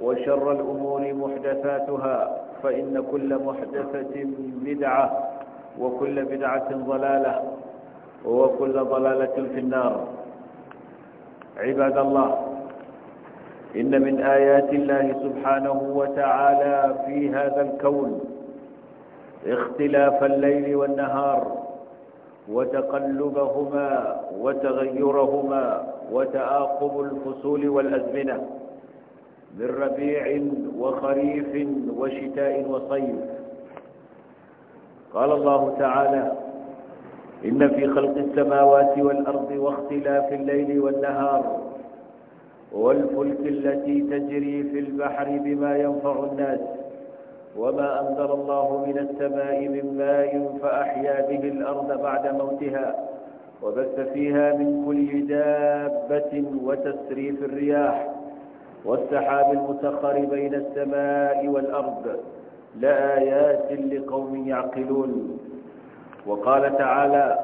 وشر الأمور محدثاتها فإن كل محدثة بدعة وكل بدعة ضلالة وكل ضلالة في النار عباد الله إن من آيات الله سبحانه وتعالى في هذا الكون اختلاف الليل والنهار وتقلبهما وتغيرهما وتآقب الفصول والأزمنة من ربيع وخريف وشتاء وصيف قال الله تعالى إن في خلق السماوات والأرض واختلاف الليل والنهار والفلك التي تجري في البحر بما ينفع الناس وما أنزل الله من السماء من ماء فأحيا به الأرض بعد موتها وبث فيها من كل دابة وتسريف الرياح والسحاب المسخر بين السماء والأرض لآيات لقوم يعقلون وقال تعالى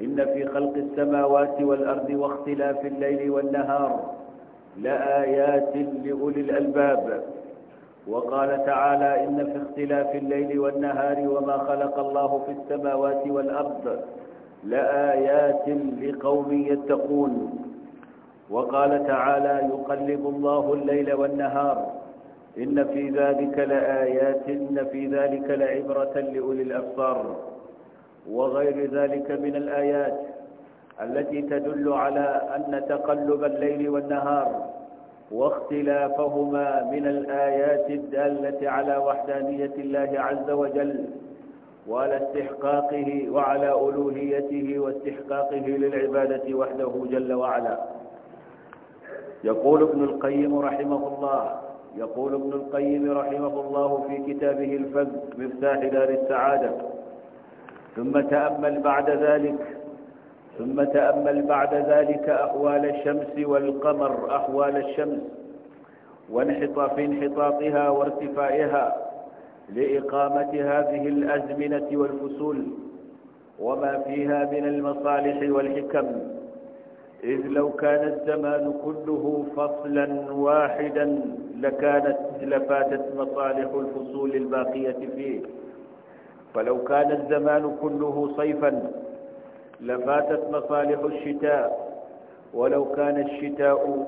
إن في خلق السماوات والأرض واختلاف الليل والنهار لآيات لأولي الألباب وقال تعالى إن في اختلاف الليل والنهار وما خلق الله في السماوات والأرض لآيات لقوم يتقون وقال تعالى يقلب الله الليل والنهار إن في ذلك لآيات إن في ذلك لعبرة لأولي الأبصار وغير ذلك من الآيات التي تدل على أن تقلب الليل والنهار واختلافهما من الآيات الدالة على وحدانية الله عز وجل وعلى استحقاقه وعلى ألوهيته واستحقاقه للعبادة وحده جل وعلا يقول ابن القيم رحمه الله يقول ابن القيم رحمه الله في كتابه الفذ مفتاح دار السعادة ثم تأمل بعد ذلك ثم تأمل بعد ذلك أحوال الشمس والقمر أحوال الشمس وانحطاف انحطاطها وارتفاعها لإقامة هذه الأزمنة والفصول وما فيها من المصالح والحكم إذ لو كان الزمان كله فصلا واحدا لكانت لفاتت مصالح الفصول الباقية فيه فلو كان الزمان كله صيفا لفاتت مصالح الشتاء ولو كان الشتاء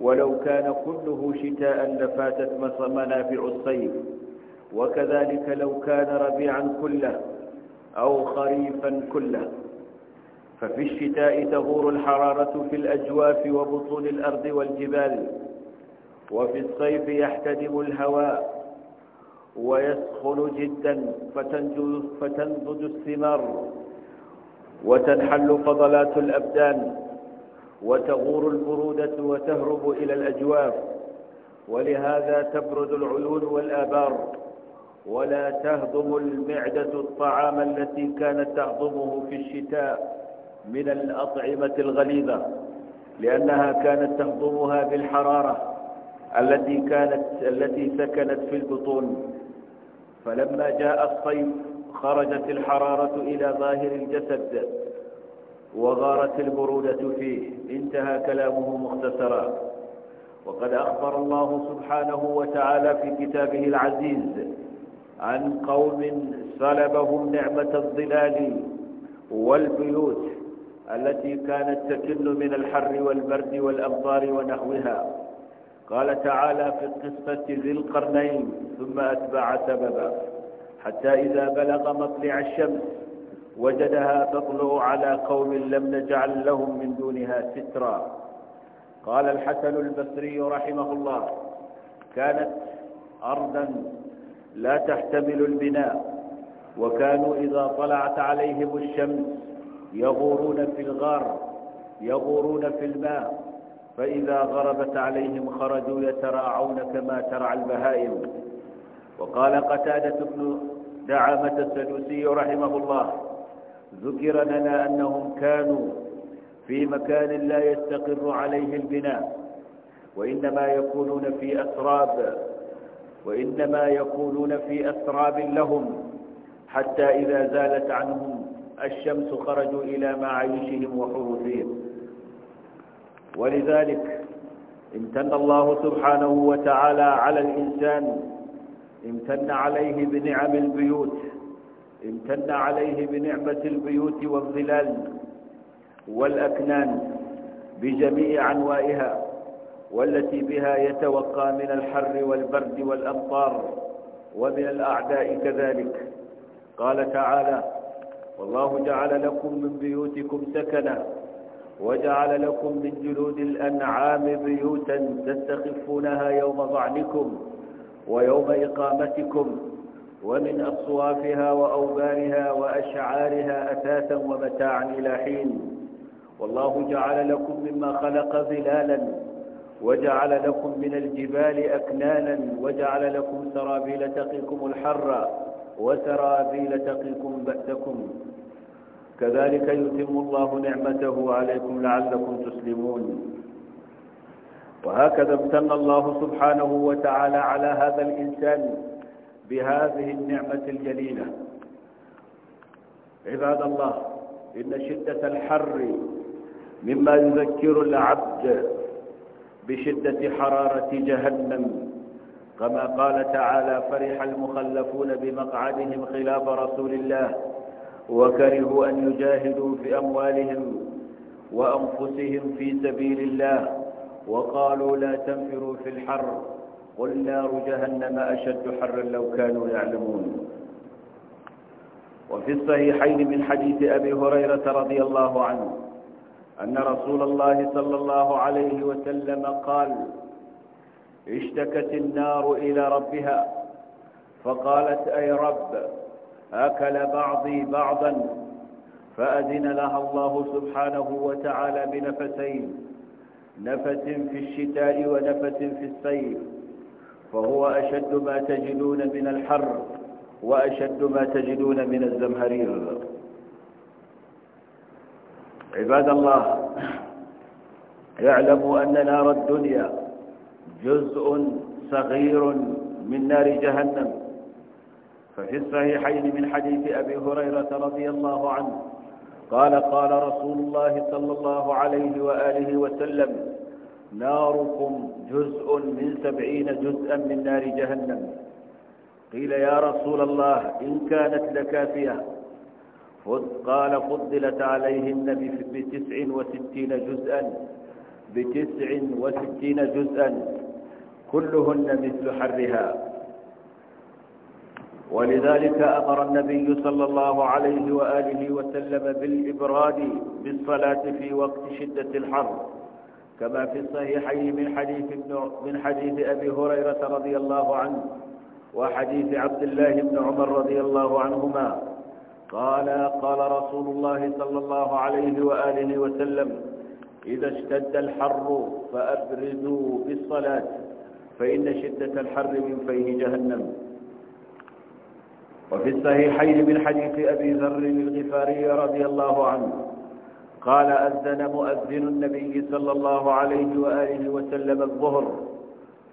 ولو كان كله شتاء لفاتت منافع الصيف وكذلك لو كان ربيعا كله أو خريفا كله ففي الشتاء تغور الحرارة في الأجواف وبطون الأرض والجبال وفي الصيف يحتدم الهواء ويسخن جدا فتنضج الثمار وتنحل فضلات الأبدان وتغور البرودة وتهرب إلى الأجواف ولهذا تبرد العيون والآبار ولا تهضم المعدة الطعام التي كانت تهضمه في الشتاء من الأطعمة الغليظة لأنها كانت تهضمها بالحرارة التي كانت التي سكنت في البطون فلما جاء الصيف خرجت الحرارة إلى ظاهر الجسد وغارت البرودة فيه انتهى كلامه مختصرا وقد أخبر الله سبحانه وتعالى في كتابه العزيز عن قوم سلبهم نعمة الظلال والبيوت التي كانت تكل من الحر والبرد والأمطار ونحوها قال تعالى في القصة ذي القرنين ثم أتبع سببا حتى إذا بلغ مطلع الشمس وجدها تطلع على قوم لم نجعل لهم من دونها سترا قال الحسن البصري رحمه الله كانت أرضا لا تحتمل البناء وكانوا إذا طلعت عليهم الشمس يغورون في الغار يغورون في الماء فإذا غربت عليهم خرجوا يتراعون كما ترعى البهائم وقال قتادة بن دعامة السدوسي رحمه الله ذكر لنا أنهم كانوا في مكان لا يستقر عليه البناء وإنما يكونون في أسراب وإنما يكونون في أسراب لهم حتى إذا زالت عنهم الشمس خرجوا إلى معايشهم وحروسهم ولذلك امتن الله سبحانه وتعالى على الإنسان امتن عليه بنعم البيوت امتن عليه بنعمة البيوت والظلال والأكنان بجميع أنوائها والتي بها يتوقى من الحر والبرد والأمطار ومن الأعداء كذلك قال تعالى والله جعل لكم من بيوتكم سكنا وجعل لكم من جلود الأنعام بيوتا تستخفونها يوم ضعنكم ويوم إقامتكم ومن أصوافها وأوبارها وأشعارها أثاثا ومتاعا إلى حين والله جعل لكم مما خلق ظلالا وجعل لكم من الجبال أكنانا وجعل لكم سرابيل تقيكم الحرّ وسرابيل تقيكم بأسكم كذلك يتم الله نعمته عليكم لعلكم تسلمون وهكذا امتن الله سبحانه وتعالى على هذا الإنسان بهذه النعمة الجليلة عباد الله إن شدة الحر مما يذكر العبد بشدة حرارة جهنم كما قال تعالى فرح المخلفون بمقعدهم خلاف رسول الله وكرهوا أن يجاهدوا في أموالهم وأنفسهم في سبيل الله وقالوا لا تنفروا في الحر قل نار جهنم أشد حرا لو كانوا يعلمون وفي الصحيحين من حديث أبي هريرة رضي الله عنه أن رسول الله صلى الله عليه وسلم قال اشتكت النار إلى ربها فقالت أي رب أكل بعضي بعضا فأذن لها الله سبحانه وتعالى بنفسين نفس في الشتاء ونفس في الصيف فهو أشد ما تجدون من الحر وأشد ما تجدون من الزمهرير عباد الله اعلموا أن نار الدنيا جزء صغير من نار جهنم ففي الصحيحين من حديث أبي هريرة رضي الله عنه قال قال رسول الله صلى الله عليه وآله وسلم ناركم جزء من سبعين جزءا من نار جهنم قيل يا رسول الله إن كانت لكافية قال فضلت عليهن بتسع وستين جزءا بتسع وستين جزءا كلهن مثل حرها ولذلك أمر النبي صلى الله عليه وآله وسلم بالإبراد بالصلاة في وقت شدة الحر كما في الصحيحين من حديث, ابن من حديث أبي هريرة رضي الله عنه وحديث عبد الله بن عمر رضي الله عنهما قال قال رسول الله صلى الله عليه وآله وسلم إذا اشتد الحر فأبردوا بالصلاة فإن شدة الحر من فيه جهنم وفي الصحيحين من حديث أبي ذر الغفاري رضي الله عنه قال أذن مؤذن النبي صلى الله عليه وآله وسلم الظهر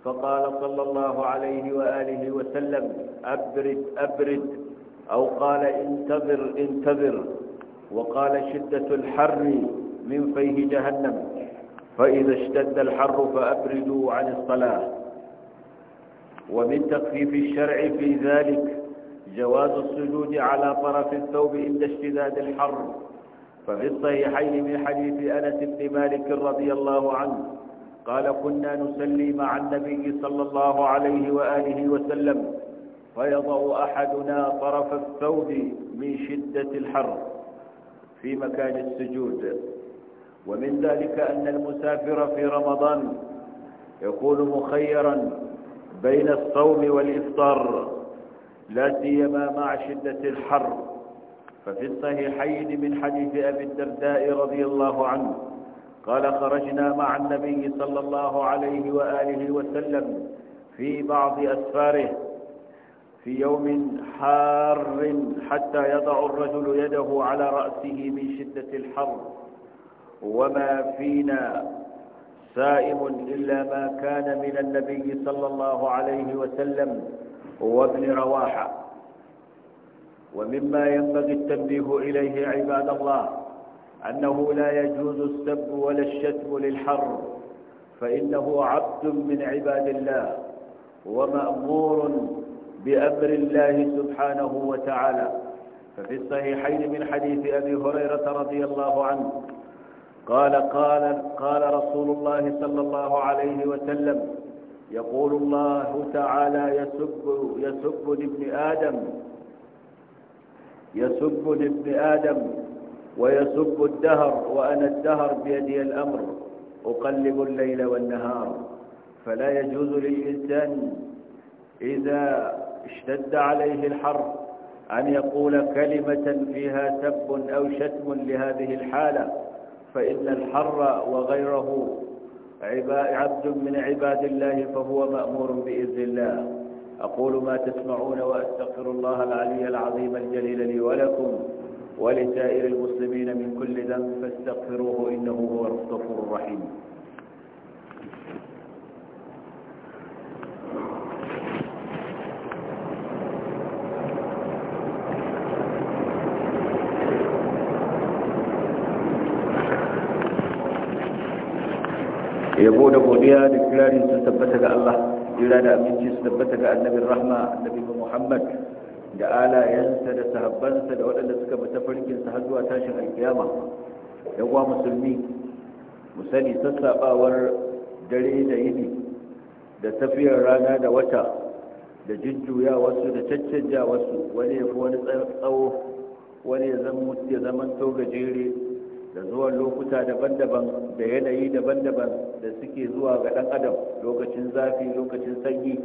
فقال صلى الله عليه وآله وسلم أبرد أبرد أو قال انتظر انتظر وقال شدة الحر من فيه جهنم فإذا اشتد الحر فأبردوا عن الصلاة ومن تخفيف الشرع في ذلك جواز السجود على طرف الثوب عند اشتداد الحر ففي الصحيحين من حديث أنس بن مالك رضي الله عنه قال كنا نسلي مع النبي صلى الله عليه وآله وسلم فيضع أحدنا طرف الثوب من شدة الحر في مكان السجود ومن ذلك أن المسافر في رمضان يكون مخيرا بين الصوم والإفطار لا سيما مع شدة الحر ففي الصحيحين من حديث أبي الدرداء رضي الله عنه قال خرجنا مع النبي صلى الله عليه وآله وسلم في بعض أسفاره في يوم حار حتى يضع الرجل يده على رأسه من شدة الحر وما فينا سائم إلا ما كان من النبي صلى الله عليه وسلم وابن رواحة ومما ينبغي التنبيه إليه عباد الله أنه لا يجوز السب ولا الشتم للحر فإنه عبد من عباد الله ومأمور بأمر الله سبحانه وتعالى ففي الصحيحين من حديث أبي هريرة رضي الله عنه قال قال قال رسول الله صلى الله عليه وسلم يقول الله تعالى يسب يسب لابن آدم يسب لابن آدم ويسب الدهر وأنا الدهر بيدي الأمر أقلب الليل والنهار فلا يجوز للإنسان إذا اشتد عليه الحر أن يقول كلمة فيها سب أو شتم لهذه الحالة فإن الحر وغيره عبد من عباد الله فهو مأمور بإذن الله أقول ما تسمعون وأستغفر الله العلي العظيم الجليل لي ولكم ولسائر المسلمين من كل ذنب فاستغفروه إنه هو الغفور الرحيم yabo da godiya da kirari sun tabbata ga Allah jira da abinci su tabbata ga annabin rahma annabi Muhammad da alayansa da sahabbansa da waɗanda suka bi tafarkin sa har tashin alkiyama da musulmi mu sani sassabawar dare da yini da tafiyar rana da wata da jujjuya wasu da caccanja wasu wani ya fi wani tsawo wani ya zama gajere da zuwan lokuta daban-daban da yanayi daban-daban da suke zuwa ga ɗan adam lokacin zafi lokacin sanyi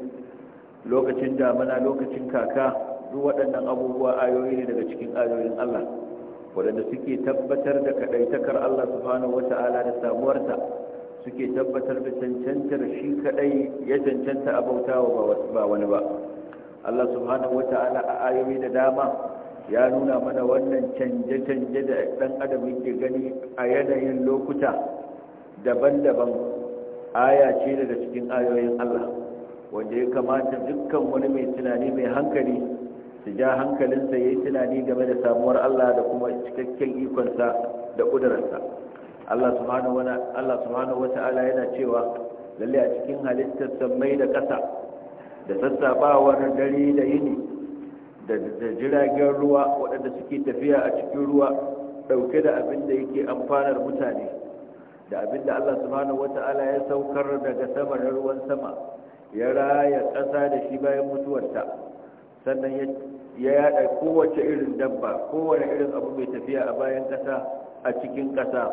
lokacin damana lokacin kaka duk waɗannan abubuwa ayoyi ne daga cikin ayoyin Allah waɗanda suke tabbatar da kaɗaitakar Allah subhanahu ta'ala da samuwarsa suke tabbatar da cancantar shi kaɗai ya cancanta a bautawa ba wani ba Allah subhanahu ta'ala a ayoyi da dama ya nuna mana wannan canje-canje da ɗan adam yake gani a yanayin lokuta daban-daban aya ce daga cikin ayoyin Allah wanda ya kamata dukkan wani mai tunani mai hankali su ja hankalinsa ya yi tunani game da samuwar Allah da kuma cikakken ikonsa da ƙudurarsa Allah subhanahu wata'ala yana cewa lalle a cikin halittar sammai da ƙasa da sassabawar dare da yini da jiragen ruwa waɗanda suke tafiya a cikin ruwa ɗauke da abin da yake amfanar mutane da abin da Allah subhanahu wata'ala ya saukar daga sama da ruwan sama ya raya ƙasa da shi bayan mutuwarta sannan ya yaɗa kowace irin dabba kowane irin abu mai tafiya a bayan ƙasa a cikin ƙasa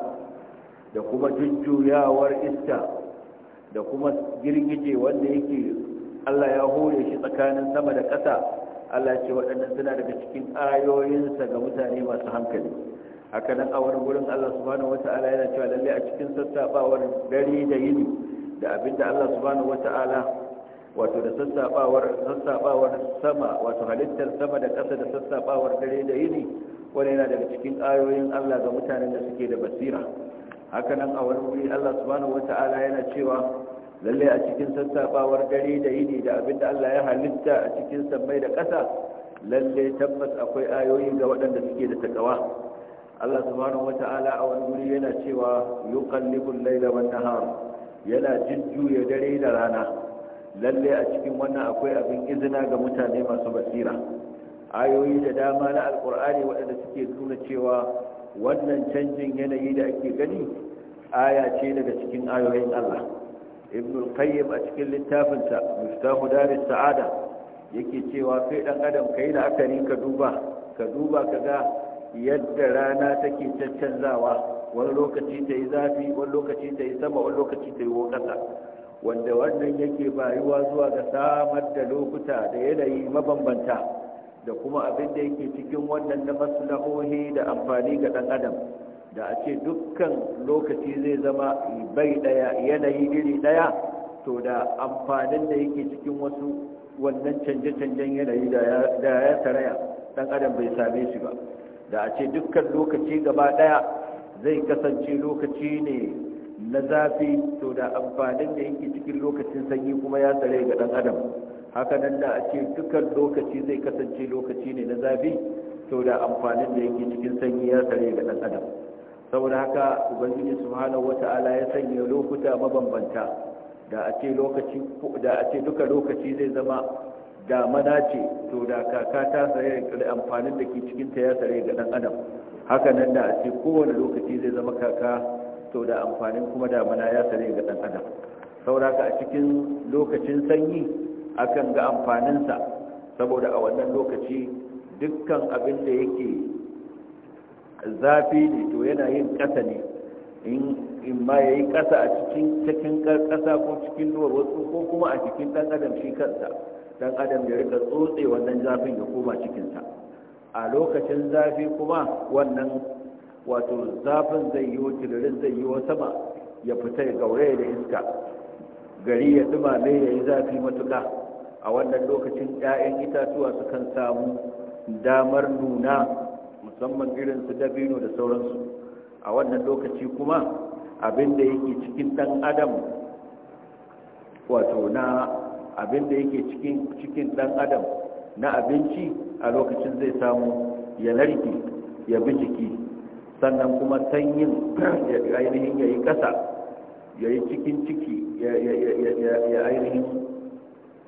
da kuma jujjuyawar iska da kuma girgije wanda yake Allah ya hore shi tsakanin sama da ƙasa Allah ce waɗannan suna daga cikin ayoyinsa ga mutane masu hankali haka nan a wani gurin Allah subhanahu wata'ala yana cewa lalle a cikin sassaɓawar dare da yini da abinda Allah subhanahu wata'ala wato da sassaɓawar sassaɓawar sama wato halittar sama da ƙasa da sassaɓawar dare da yini wani yana daga cikin ayoyin Allah ga mutanen da suke da basira haka nan a wani wuri Allah subhanahu wata'ala yana cewa lalle a cikin sassafawar dare da yini da abinda Allah ya halitta a cikin sammai da ƙasa lalle tabbas akwai ayoyi ga waɗanda suke da takawa Allah subhanahu wata'ala a wani wuri yana cewa yuqallibul laila wan nahar yana jujjuya dare da rana lalle a cikin wannan akwai abin izina ga mutane masu basira ayoyi da dama na alkur'ani waɗanda suke nuna cewa wannan canjin yanayi da ake gani aya ce daga cikin ayoyin Allah ibn al-qayyim a cikin littafinsa miftahu daris sa'ada yake cewa sai dan adam kai da akari ka duba ka duba kaga yadda rana take caccanzawa wani lokaci ta yi zafi wani lokaci ta yi sama wani lokaci ta yi wanda wannan yake bayuwa zuwa ga samar da lokuta da yanayi mabambanta da kuma abin da yake cikin wannan na maslahohi da amfani ga dan adam da a ce dukkan lokaci zai zama bai daya yanayi iri daya to da amfanin da yake cikin wasu wannan canje-canjen yanayi da ya taraya dan adam bai same shi ba da a ce dukkan lokaci gaba daya zai kasance lokaci ne na zafi to da amfanin da yake cikin lokacin sanyi kuma ya tsare ga dan adam hakanan da a ce dukkan lokaci zai kasance lokaci ne na zafi to da amfanin da yake cikin sanyi ya tsare ga dan adam saboda haka ubangiji subhanahu wata'ala ya sanya lokuta mabambanta da a ce lokaci da a ce duka lokaci zai zama mana ce to da kaka ta sare da amfanin da ke cikin ta ya sare ga dan adam haka nan da a ce kowane lokaci zai zama kaka to da amfanin kuma da mana ya sare ga dan adam saboda haka a cikin lokacin sanyi akan ga amfaninsa saboda a wannan lokaci dukkan abin da yake zafi ne to yana yin ƙasa ne in ma ya yi ƙasa a cikin cikin ƙasa ko cikin duwar wasu ko kuma a cikin ɗan adam shi kansa ɗan adam ya rika tsotse wannan zafin ya koma cikinsa a lokacin zafi kuma wannan wato zafin zai yi tiririn zai yi wa sama ya fita ya gauraya da iska gari ya zuma ne ya yi zafi matuka a wannan lokacin 'ya'yan itatuwa sukan samu damar nuna musamman irin su dabino da sauransu a wannan lokaci kuma abinda da yake cikin dan adam wato na abin yake cikin cikin dan adam na abinci a lokacin zai samu ya narke ya bi jiki sannan kuma sanyin ya ainihin ya yi ƙasa ya yi cikin ciki ya ainihin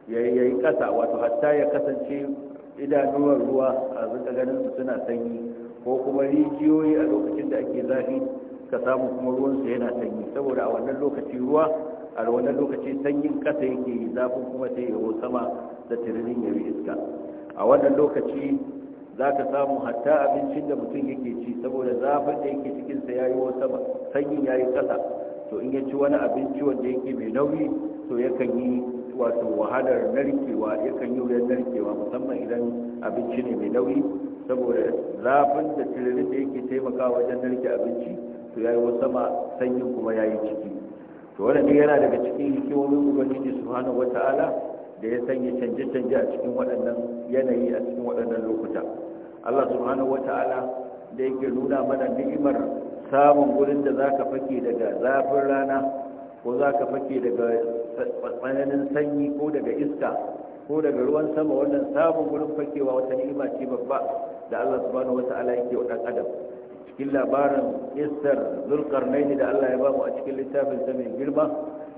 ya yi ƙasa wato hatta ya kasance idanuwar ruwa a zuka ganin su suna sanyi ko kuma rijiyoyi a lokacin da ake zafi ka samu kuma ruwansu yana sanyi saboda a wannan lokaci ruwa a wannan lokaci sanyin kasa yake yi zafin kuma sai ya sama da tiririn ya bi iska a wannan lokaci za ka samu hatta abincin da mutum yake ci saboda zafin da yake cikinsa yayi yi sama sanyin ya yi kasa to in ya ci wani abinci wanda yake mai nauyi to yakan yi wato wahalar narkewa yakan yi wuyan narkewa musamman idan abinci ne mai nauyi saboda zafin da tiririn da yake taimaka wajen narke abinci to ya yi wasu sama sanyin kuma ya yi ciki to wannan ne yana daga cikin hikimomin ubangiji hana wataala da ya sanya canje-canje a cikin waɗannan yanayi a cikin waɗannan lokuta Allah su hana wataala da yake nuna mana ni'imar samun gurin da za ka fake daga zafin rana ko za ka fake daga tsananin sanyi ko daga iska ko daga ruwan sama wannan samun gurin fakewa wata ni'ima ce babba da Allah subhanahu ta'ala yake wa dan adam cikin labarin Esther Zulkarnaini da Allah ya ba mu a cikin littafin sa mai girma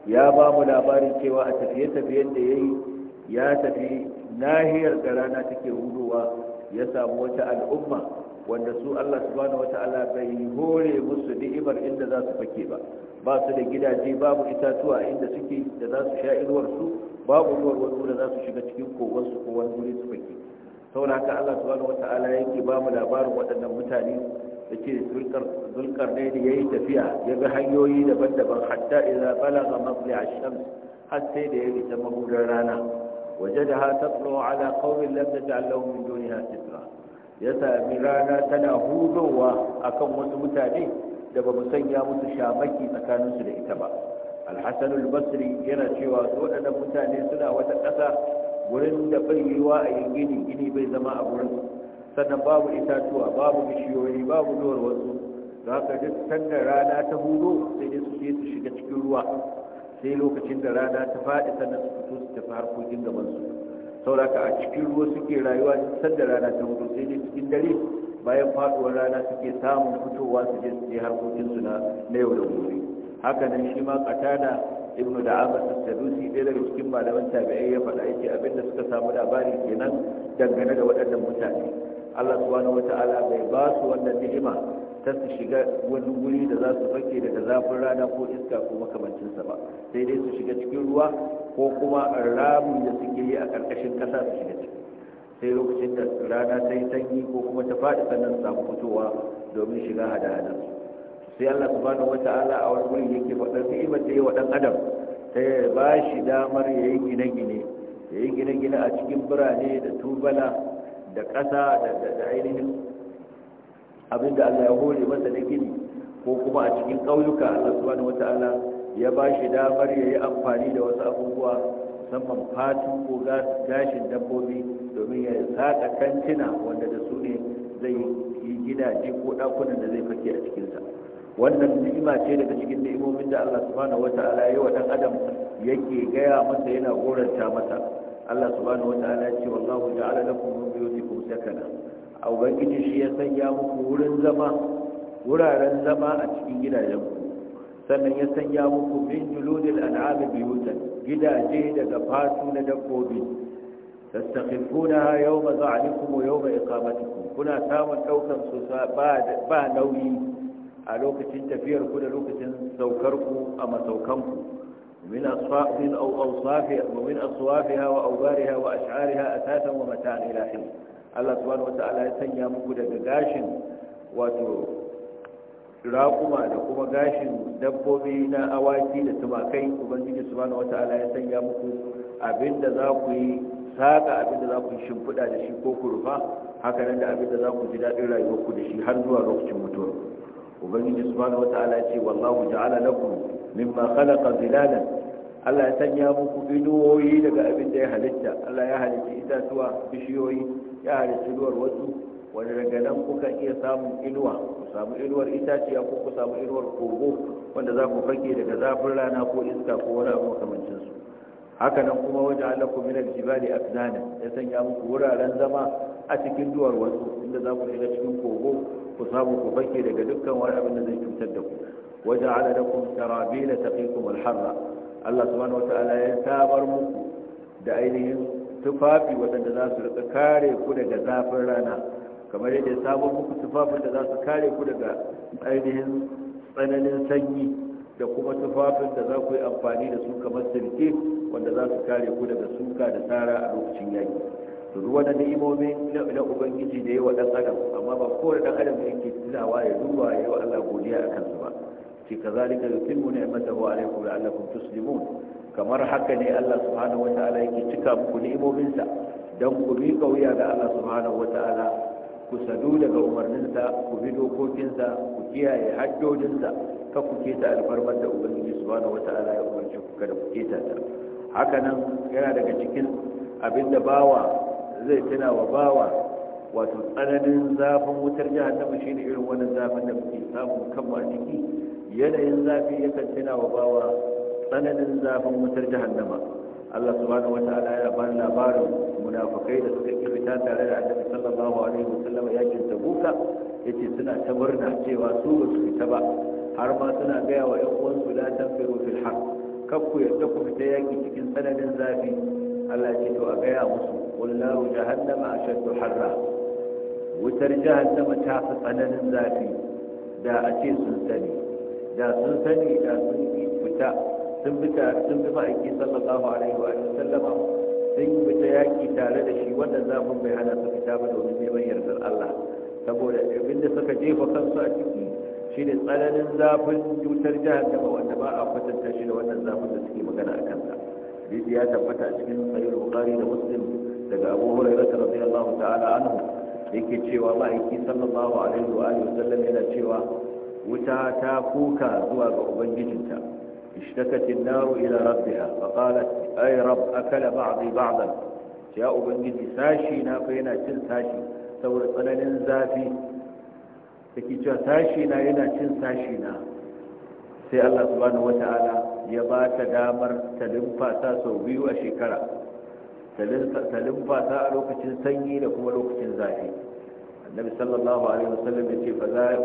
ya ba mu labarin cewa a tafiye-tafiyen da yayi ya tafi nahiyar da rana take hudowa ya samu wata al'umma wanda su Allah subhanahu ta'ala bai hore musu ni'imar inda za su fake ba ba su da gidaje babu itatuwa inda suke da za su sha inuwar su babu ruwar wani da za su shiga cikin kowansu ko wani wuri su fake saboda haka Allah subhanahu ta'ala yake ba mu labarin waɗannan mutane da ke zulkar ne da yayi tafiya ya ga hanyoyi daban-daban hatta idza balagha mabli ash-shams har sai da ya fita mahudan rana wajadaha tatlu ala qaumin lam taj'al lahum min duniha sitra ya sami rana tana hudowa akan wasu mutane da ba mu sanya musu shamaki tsakaninsu da ita ba al-hasan al-basri yana cewa waɗannan mutane suna wata ƙasa wurin da bai yiwa a yi gini gini bai zama a wurin sannan babu itatuwa babu bishiyoyi babu zuwar wasu za ka duk sanda rana ta hudu sai dai su su shiga cikin ruwa sai lokacin da rana ta faɗi sannan su fito su tafi harkokin gaban su sauraka a cikin ruwa suke rayuwa duk sanda rana ta hudu sai dai cikin dare bayan faɗuwar rana suke samun fitowa su je su je harkokin na yau da gobe haka nan shi ma katana ibnu da abbas sadusi ɗaya daga cikin malaman tabi'ai ya faɗa yake abinda suka samu labari kenan dangane da waɗannan mutane Allah subhanahu wata'ala bai ba su wannan ni'ima ta su shiga wani wuri da za su fake daga zafin rana ko iska ko makamancinsa ba sai dai su shiga cikin ruwa ko kuma ramin da suke yi a ƙarƙashin ƙasa su shiga ciki sai lokacin da rana ta yi sanyi ko kuma ta faɗi sannan samu fitowa domin shiga hada-hadarsu sai Allah subhanahu wata'ala a wani wurin yake faɗar ni'imar da yi wa ɗan adam ta ba shi damar ya yi gine-gine ya yi gine-gine a cikin birane da tubala da ƙasa da ainihin abin da Allah ya hore masa na gini ko kuma a cikin ƙauyuka Allah subhanahu wata'ala ya ba shi damar ya yi amfani da wasu abubuwa musamman fatu ko gashin dabbobi domin ya saka kantina wanda da su ne zai yi gidaje ko ɗakunan da zai fake a cikinsa wannan ni'ima ce daga cikin ni'imomin da Allah subhanahu wata'ala yi wa dan adam yake gaya masa yana goranta masa Allah subhanahu wata'ala ya ce wallahu ja'ala lakum min buyutikum sakana au bangiji shi ya sanya muku wurin zama wuraren zama a cikin gidajen sannan ya sanya muku min juludil an'am buyutan gidaje daga fatu na dabbobi tastakhifunaha yawma za'alikum wa yawma iqamatikum kuna samun daukan su ba nauyi a lokacin tafiyarku da lokacin saukarku a masaukanku ku min asfafin aw awsafiha wa min aswafiha wa awbariha wa ash'ariha atatan wa mata'an ila hin Allah subhanahu wa ta'ala ya sanya muku daga gashin wato raƙuma da kuma gashin dabbobi na awaki da tumakai ubangiji subhanahu wata'ala ya sanya muku abinda za ku yi saƙa abinda za ku shimfiɗa da shi ko ku rufa haka nan da abinda za ku ji daɗin rayuwarku da shi har zuwa lokacin mutuwa ubangiji subhanahu wata'ala ya ce wallahu ja'ala lakum mimma khalaqa zilalan Allah ya sanya muku inuwoyi daga abin da ya halitta Allah ya halitta itatuwa bishiyoyi ya halitta duwar wasu wani daga nan kuka iya samun inuwa ku samu inuwar itaciya ko ku samu inuwar kogo wanda za ku fage daga zafin rana ko iska ko wani abu makamancin su haka nan kuma wajen alaku minal jibali afnana ya sanya muku wuraren zama a cikin duwar wasu inda za ku shiga cikin kogo ku samu ku fake daga dukkan wani abin da zai cutar da ku waje ala da kun sarabi da taƙiƙum alharra allah subhanahu wata ta'ala ya tabar muku da ainihin tufafi waɗanda za su rika kare ku daga zafin rana kamar yadda sabon muku tufafin da za su kare ku daga ainihin tsananin sanyi da kuma tufafin da za ku yi amfani da su kamar sirke wanda za su kare ku daga suka da tsara a lokacin yaki ruwa na ni'imomi na ubangiji da yi wa dan adam amma ba kowane dan adam ne yake tunawa ya duba ya yi wa Allah godiya a kansu ba filmu ne ce kazalika yutimmu ni'matahu alaykum la'allakum tuslimun kamar haka ne Allah subhanahu wata'ala yake cika muku ni'imominsa dan ku bi kauya ga Allah subhanahu wata'ala ku sadu daga umarninsa ku bi dokokinsa ku kiyaye haddodinsa ka ku keta alfarmar da ubangiji subhanahu wata'ala ya umarci ku kada ku keta ta haka nan yana daga cikin abin da bawa zai tana wa bawa wato tsananin zafin wutar jahannama ne irin wannan zafin da muke samun kanmu a ciki yanayin zafi yakan tana wa bawa tsananin zafin wutar jahannama Allah subhanahu wataala ya bani labarin munafakai da suka ki fita tare da Annabi sallallahu alaihi ta yakin Tabuka yace suna ta murna cewa su ba su fita ba har ma suna gaya wa ƴan uwansu la tanfiru fil haqq kaf ku yadda ku fita yaki cikin tsananin zafi Allah ya ce to a gaya musu وقل نار جهنم أشد حرا وتر جهنم تافت أنا ذاتي دا أتي سلسلي دا سلسلي دا سلسلي فتاء sun fita sun bi ma'aiki sallallahu alaihi wa sallama sun fita yaki tare da shi wannan zafin bai hana su fita ba domin neman yardar Allah saboda abinda suka jefa kansu a ciki shine tsananin zafin cutar jahannama wanda ba a kwatanta shi da wannan zafin da suke magana a kansa hadisi ya tabbata a cikin sahih bukhari da muslim daga abu hulaira ta rabbi allah ta'ala anhu da ke cewa ma'aiki sallallahu alaihi wa alihi wasallam yana cewa wuta ta kuka zuwa ga ubangijinta ishtakatin naru ila rabbiha fa qalat ay rabb akala ba'dhi ba'dan ya ubangiji sashi na fa yana cin sashi saboda tsananin zafi take cewa sashi na yana cin sashi na sai allah subhanahu ya ba ta damar ta limfa sau biyu a shekara ta lumfasa a lokacin sanyi da kuma lokacin zafi annabi sallallahu alaihi wasallam ya ce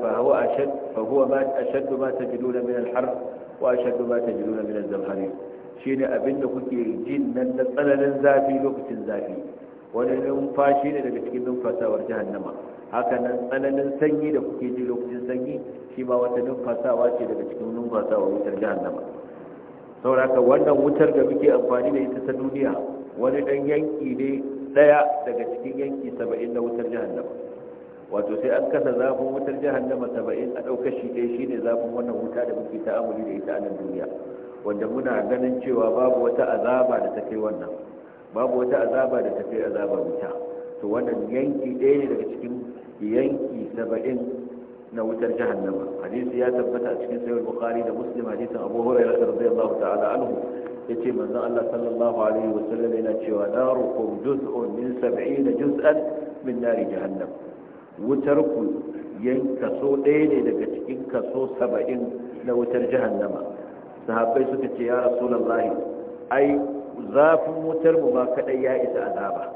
fa huwa ashad fa huwa ma ashad ma tajiduna min al-har wa ashad ma tajiduna min al-zamharir shine abinda kuke jin nan da tsananin zafi lokacin zafi wani numfashi ne daga cikin numfasawar jahannama haka nan tsananin sanyi da kuke ji lokacin sanyi shi ma wata numfasawa ce daga cikin numfasawar wutar jahannama saboda haka wannan wutar da muke amfani da ita ta duniya wani dan yanki ne daya daga cikin yanki saba'in na wutar jahannama wato sai an kasa zafin wutar jahannama saba'in a ɗaukar shi ɗaya shine zafin wannan wuta da muke ta'amuli da ita a nan duniya wanda muna ganin cewa babu wata azaba da ta kai wannan babu wata azaba da ta kai azabar wuta to wannan yanki ɗaya ne daga cikin yanki saba'in na wutar jahannama hadisi ya tabbata a cikin sayar bukhari da muslim hadisin abu hurairah radiyallahu ta'ala anhu Ya ce manzon Allah sallallahu alaihi wa yana cewa darukum juz'un min 70 juz'an min nari jahannam wutar ku yan kaso ɗaya ne daga cikin kaso saba'in na wutar jahannama sahabbai suka ce ya rasulullahi ai zafin wutar mu ma kaɗai ya isa azaba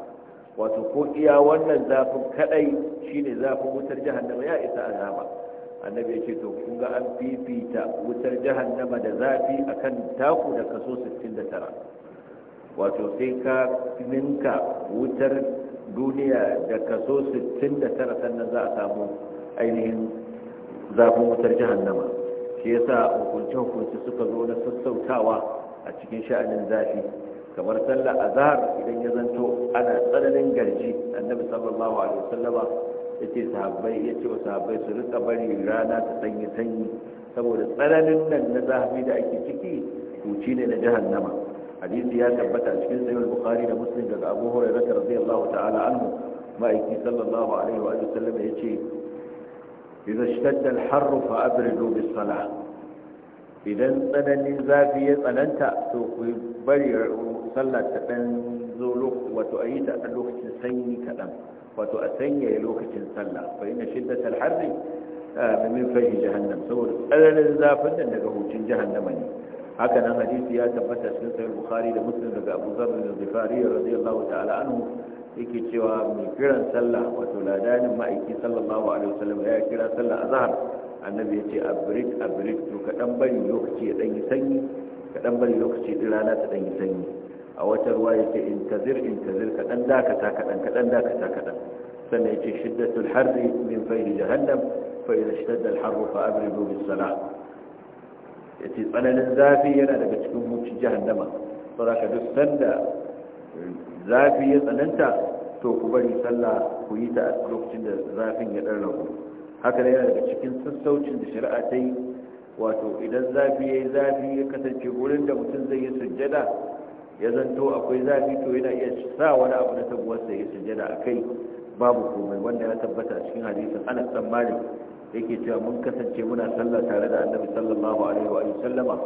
wato ko iya wannan zafin kaɗai shine zafin wutar jahannama ya isa azaba annabi ya ce to kun ga an fifita wutar jahannama da zafi akan taku da kaso 69 wato sai ka ninka wutar duniya da kaso 69 sannan za a samu ainihin zafin wutar jahannama shi yasa hukunci-hukunci suka zo na sassautawa a cikin sha'anin zafi kamar a azhar idan ya zanto ana tsananin garji annabi sallallahu alaihi wasallama ya ce sahabbai ya ce wa sahabbai su rika bari rana ta sanyi sanyi saboda tsananin nan na zafi da ake ciki kuci ne na jahannama hadisi ya tabbata cikin sahih bukhari da muslim daga abu hurairah radiyallahu ta'ala anhu ma'aiki sallallahu alaihi wa sallam ya ce idza ishtadda al-harr fa abridu bis-salah idan tsananin zafi ya tsananta to ku bari sallah ta dan zo lokaci wato ayi ta lokacin sanyi kadan wato a sanyaya lokacin sallah fa inna shiddatal da ah, min fahim jahannam saboda tsananin zafin nan daga hucin jahannama ne haka nan hadisi ya tabbata cikin sahih bukhari da muslim daga abu zar bin zifari radiyallahu ta'ala anhu yake cewa mai kiran sallah wato ladanin ma'aiki sallallahu alaihi wasallam ya kira sallah azhar annabi ya ce abrik abrik to ka bari lokaci ya ɗan yi sanyi kaɗan bari lokaci din rana ta yi sanyi a wata ruwa ya ce intazir intazir kaɗan dakata kaɗan kaɗan dakata kaɗan sannan ya ce shiddatul harri min fayli jahannam fa idza ishtadda al-harru fa abridu bis ya ce tsananin zafi yana daga cikin hucin jahannama ka duk sanda zafi ya tsananta to ku bari sallah ku yi ta a lokacin da zafin ya ɗan rabu haka yana daga cikin sassaucin da shari'a ta yi wato idan zafi ya yi zafi ya kasance wurin da mutum zai yi sujjada ya zanto akwai zafi to yana iya sa wani abu na tabuwarsa ya sujada a kai babu komai wanda ya tabbata a cikin hadisin anas dan malik yake cewa mun kasance muna sallah tare da annabi sallallahu alaihi wa sallama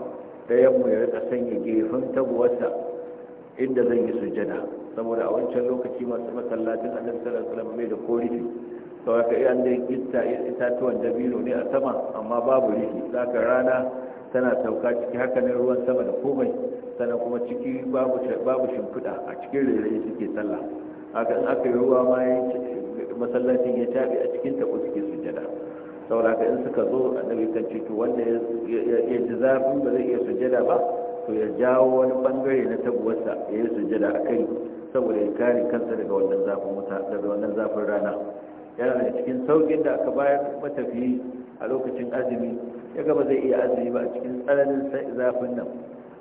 da yamma ya rika sanya gefen tabuwarsa inda zan yi sujada saboda a wancan lokaci masu masallacin annabi sallallahu alaihi wa sallama mai da korifi sau haka iya da gitta itatuwan dabino ne a sama amma babu rihi za ka rana tana sauka ciki haka ne ruwan sama da komai sannan kuma ciki babu shimfiɗa a cikin rairayi suke sallah haka in aka yi ruwa ma masallacin ya tabi a cikin taɓo suke sujada saboda haka in suka zo a kan ciki wanda ya ji zafin ba zai iya sujada ba to ya jawo wani bangare na taɓuwarsa ya yi sujada a kai saboda ya kare kansa daga wannan zafin rana yana da cikin saukin da aka bayar matafiyi a lokacin azumi ya gaba zai iya azumi ba a cikin tsananin zafin nan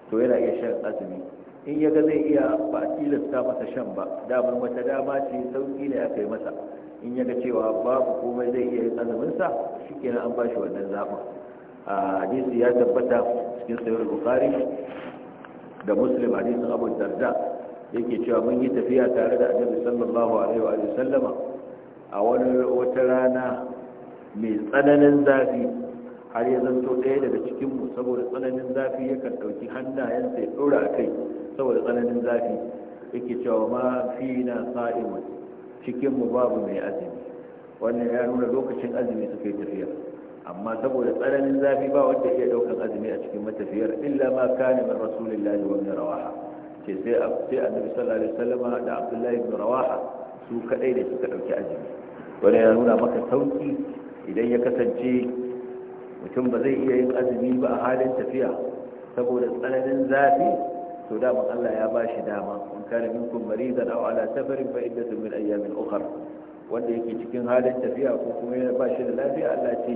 to yana iya shan azumi in ya ga zai iya ba a tilasta masa shan ba damar wata dama ce sauki ne aka yi masa in ya ga cewa babu komai zai iya yin azuminsa shi kenan an ba shi wannan zaɓin a hadisi ya tabbata cikin sayar bukari da muslim hadisin abu darda yake cewa mun yi tafiya tare da annabi sallallahu alaihi wa sallama a wani wata rana mai tsananin zafi har ya zanto ɗaya daga cikinmu saboda tsananin zafi yakan ɗauki hannayensa ya ɗora a kai saboda tsananin zafi yake cewa ma fi na sa'imun cikinmu babu mai azumi wannan ya nuna lokacin azumi suka yi tafiya amma saboda tsananin zafi ba wanda iya ɗaukan azumi a cikin matafiyar illa ma kane min rasulillahi wa min rawaha ce sai annabi sallallahu alaihi wasallama da abdullahi ibn rawaha su kadai da suka ɗauki azumi wannan ya nuna maka sauki idan ya kasance mutum ba zai iya yin azumi ba a halin tafiya saboda tsananin zafi to da Allah ya bashi dama in kana minkum maridan aw ala safarin fa iddatu min ayyamin ukhra wanda yake cikin halin tafiya ko kuma ya bashi da lafiya Allah ce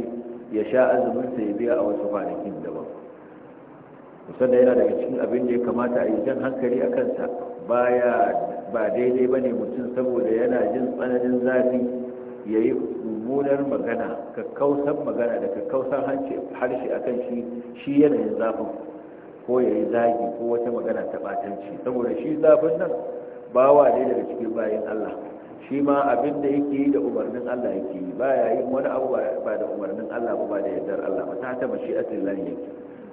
ya sha azumin sa ya biya a wasu kwanakin daban musamman yana daga cikin abin da ya kamata a yi jan hankali a kansa baya ba daidai ba ne mutum saboda yana jin tsananin zafi ya yi mummunar magana kausan magana da hanci harshe a kan shi yanayin zafin ko ya yi zagi ko wata magana ta batanci saboda shi zafin nan ba wa ne daga cikin bayan Allah shi ma abin da yake yi da umarnin Allah yake yi ba ya yi wani abu ba da umarnin Allah ba ba da yardar Allah ba ta ta asirin lan yake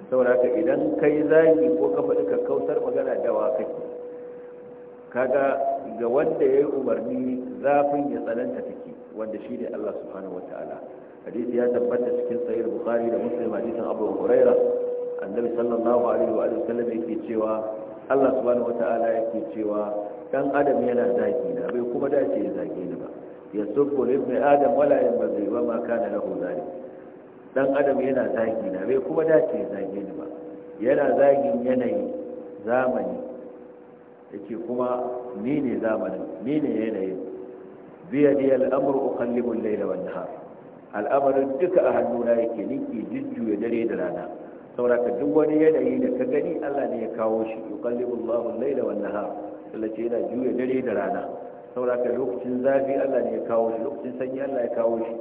saboda haka idan yi zagi ko ka faɗi kakkausar magana da wa kake kaga ga wanda ya yi umarni zafin ya tsananta take wanda shi ne Allah subhanahu wataala hadisi ya tabbata cikin sahih bukhari da muslim hadisin abu huraira annabi sallallahu alaihi wa sallam yake cewa Allah subhanahu wataala yake cewa dan adam yana zagi na bai kuma dace ya zage ni ba yasubbu ibn adam wala yanbaghi wa ma kana lahu zalik dan adam yana zagi na bai kuma dace ya zage ni ba yana zagin yanayi zamani yake kuma ni ne zamanin ni ne yanayin biyadi al'amur uqallibul layla wan nahar al'amarin duka a hannuna yake niki jujjuya dare da rana saboda duk wani yanayi da ka gani Allah ne ya kawo shi yuqallibullahu al-layla wan nahar sallace yana juya dare da rana saboda lokacin zafi Allah ne ya kawo shi lokacin sanyi Allah ya kawo shi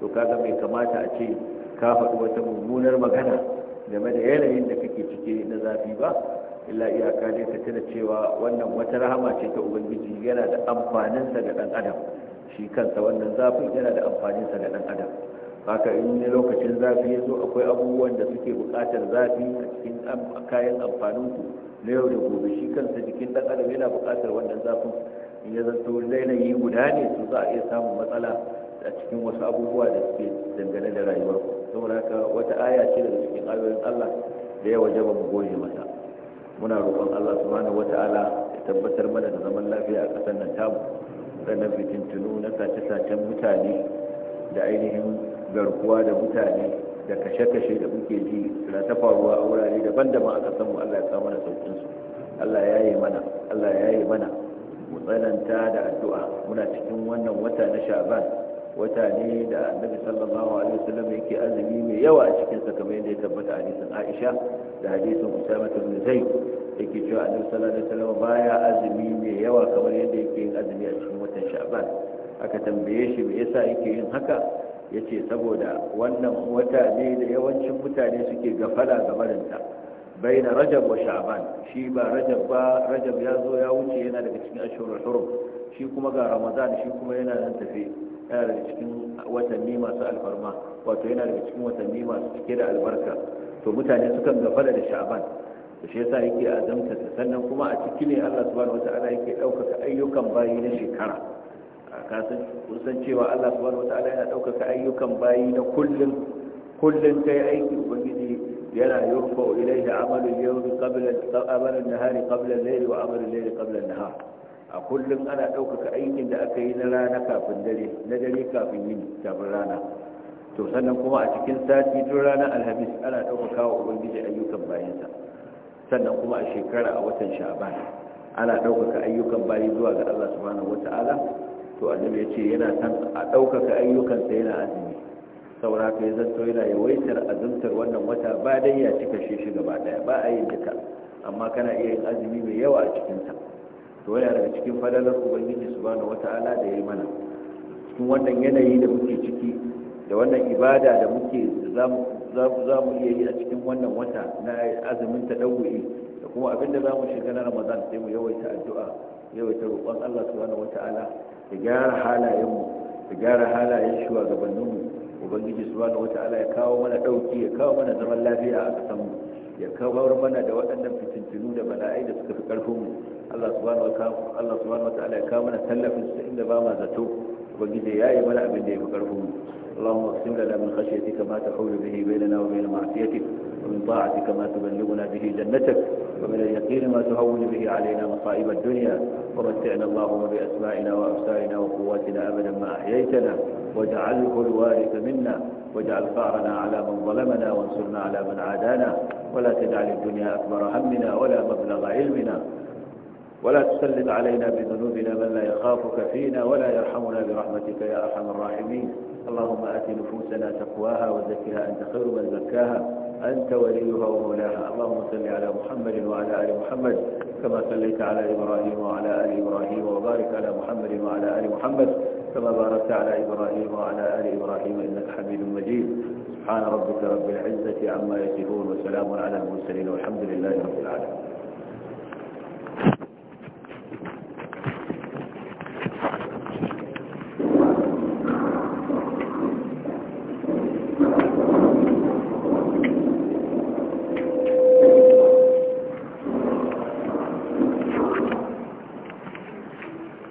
to kaga mai kamata a ce ka faɗi wata mummunar magana game da yanayin da kake cike na zafi ba illa iyaka dai ta tuna cewa wannan wata rahama ce ta ubangiji yana da amfaninsa ga dan adam shi kansa wannan zafin yana da amfaninsa ga dan adam haka in ne lokacin zafi ya zo akwai abubuwan da suke buƙatar zafi a cikin kayan amfaninku na yau da gobe shi kansa jikin dan adam yana buƙatar wannan zafin in ya zanto yanayi guda ne su za a iya samun matsala a cikin wasu abubuwa da suke dangane da rayuwarku saboda haka wata aya ce daga cikin ayoyin Allah da ya waje ba mu goje masa muna roƙon Allah subhanahu wata'ala ya tabbatar mana da zaman lafiya a ƙasar nan tamu sannan fitintunu na sace-sacen mutane da ainihin garkuwa da mutane da kashe-kashe da muke ji na ta faruwa a wurare daban-daban a ƙasar mu Allah ya kawo mana saukin su Allah ya yi mana Allah ya yi mana mu tsananta da addu'a muna cikin wannan wata na Sha'ban wata ne da annabi sallallahu alaihi wasallam yake azumi mai yawa a cikin sa kamar yadda ya tabbata hadisin Aisha da hadisin Usama ibn Zayd yake cewa annabi sallallahu alaihi wasallam baya azumi mai yawa kamar yadda yake yin azumi a cikin watan sha'ban aka tambaye shi me yasa yake yin haka yace saboda wannan wata ne da yawancin mutane suke gafala gabarin ta baina rajab wa sha'ban shi ba rajab ba rajab ya zo ya wuce yana daga cikin ashurul hurum shi kuma ga ramadan shi kuma yana nan tafe yana daga cikin watanni masu alfarma wato yana daga cikin watanni masu cike da albarka to mutane sukan gafala da sha'ban to shi yasa yake azamta sannan kuma a ciki ne Allah subhanahu wata'ala yake ɗaukaka ayyukan bayi na shekara ka san kusan cewa Allah subhanahu wata'ala yana ɗaukaka ayyukan bayi na kullum kullum kai aiki ubangiji yana yurfa ilai da amalin yawmi qabla amalin nahari qabla al-layli wa amalin layli qabla nahar a kullum ana ɗaukaka aikin da aka yi na rana kafin dare na dare kafin yin kafin rana to sannan kuma a cikin sati tun rana alhamis ana ɗaukaka wa ubangiji ayyukan bayansa sannan kuma a shekara a watan sha'ban ana ɗaukaka ayyukan bayi zuwa ga Allah subhanahu wata'ala to annabi ya ce yana san a ɗaukaka ayyukansa yana azumi saura ka ya zanto yana yawaitar azumtar wannan wata ba dai ya cika shi shi gaba ɗaya ba a yin duka amma kana iya yin azumi mai yawa a cikinsa to yana daga cikin fadalar ubangiji subhanahu wata'ala da ya yi mana cikin wannan yanayi da muke ciki da wannan ibada da muke za mu za mu iya yi a cikin wannan wata na azumin ta ɗauwa'i da kuma abinda za mu shiga na ramadan sai mu yawaita addu'a yawaita roƙon allah subhanahu ya gyara halayenmu ya gyara halayen shugabanninmu ubangiji subhanahu wata'ala ya kawo mana ɗauki ya kawo mana zaman lafiya a ƙasanmu ya kawar mana da waɗannan fitintunu da bala'ai da suka fi ƙarfinmu allah subhanahu wata'ala ya kawo mana tallafin su inda ba ma zato ubangiji يا أيها mana abin da اللهم اقسم لنا من خشيتك ما تحول به بيننا وبين معصيتك ومن طاعتك ما تبلغنا به جنتك ومن اليقين ما تهون به علينا مصائب الدنيا ومتعنا اللهم بأسمائنا وأبصارنا وقواتنا أبدا ما أحييتنا واجعله الوارث منا واجعل ثارنا على من ظلمنا وانصرنا على من عادانا ولا تجعل الدنيا أكبر همنا ولا مبلغ علمنا ولا تسلط علينا بذنوبنا من لا يخافك فينا ولا يرحمنا برحمتك يا أرحم الراحمين اللهم آت نفوسنا تقواها وزكها أنت خير من زكاها أنت وليها ومولاها اللهم صل على محمد وعلى آل محمد كما صليت على إبراهيم وعلى آل إبراهيم وبارك على محمد وعلى آل محمد كما باركت على إبراهيم وعلى آل إبراهيم إنك حميد مجيد سبحان ربك رب العزة عما يصفون وسلام على المرسلين والحمد لله رب العالمين